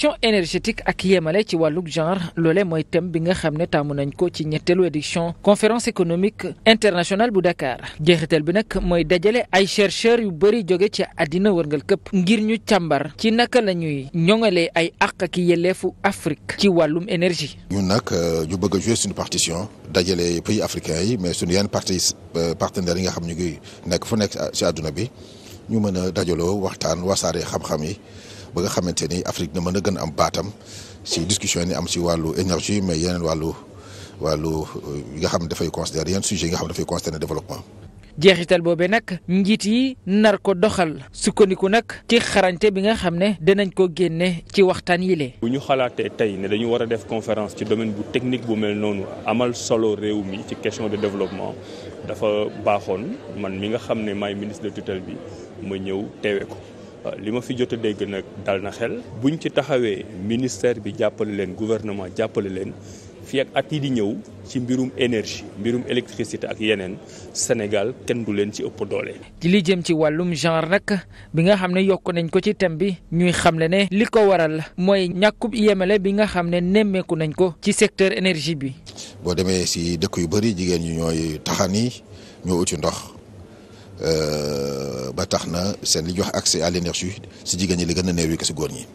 transition énergétique ak yemale ci wàllug genre loole mooy thème bi nga xam ne taamu nañ ko ci ñetteelu édition conférence économique internationale bu Dakar jeexital bi nag mooy dajale ay chercheurs yu bëri joge ci àddina wërngal këpp ngir ñu càmbar ci naka la ñuy ay àq Afrique ci wàllum énergie. ñun nag euh, ñu bëgg a jouer suñu partition dajale pays africains yi mais suñu yenn parties euh, partenaires yi nga xam ñu ngi nekk fu nekk ci àdduna bi ñu mën a dajaloo waxtaan wasaare xam-xam yi. ba nga xamante ni Afrique na mën a gën am baatam si discussion ni am si wàllu énergie mais yeneen wàllu wàllu euh, nga xam dafay considérer yenn sujet yi nga xam ne dafay considérer développement. jeexital boobee nag njiit yi nar ko doxal sukkandiku nag ci xarañte bi nga xam ne danañ ko génne ci waxtaan yi lee bu ñu xalaatee tey ne dañu war a def conférence ci domaine bu technique bu mel noonu amal solo réew mi ci question de développement dafa baaxoon man mi nga xam ne maay ministre de bi ma ñëw teewe ko li ma fi jot a dégg nag dal na xel buñ ci taxawee ministère bi jàppale leen gouvernement jàppale leen fii ak at yi di ñëw ci mbirum énergie mbirum électricité ak yeneen Sénégal kenn du leen ci ëpp doole. ci li jëm ci wàllum genre rek bi nga xam ne yokk nañ ko ci thème bi ñuy xamle ne li ko waral mooy ñàkkub yemale bi nga xam ne nemmeeku nañ ko ci secteur énergie bi. boo demee si dëkk yu bëri jigéen ñi ñooy taxani ñoo uti ndox. Euh, ba tax na seen li jox wax accès à l'énergie si jigéen ñi li gën a néew yi ko si góor ñi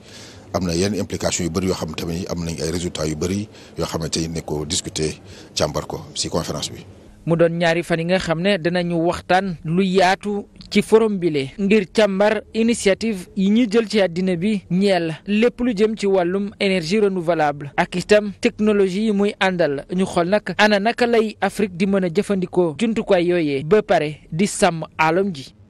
am na yenn implication yu bëri yoo xam tamit am nañ ay résultat yu bëri yoo xamante ni ko discuter càmbar ko si conférence bi. mu doon ñaari fan yi nga xam ne dinañu waxtaan lu yaatu. ci forum bile ngir càmbar initiative yi ñu jël ci àddina bi la lépp lu jëm ci wàllum énergie renouvelable ak itam technologie yi muy àndal ñu xool nag ana naka lay Afrique di mën a jëfandikoo jumtukaay yooyee ba pare di sàmm alam ji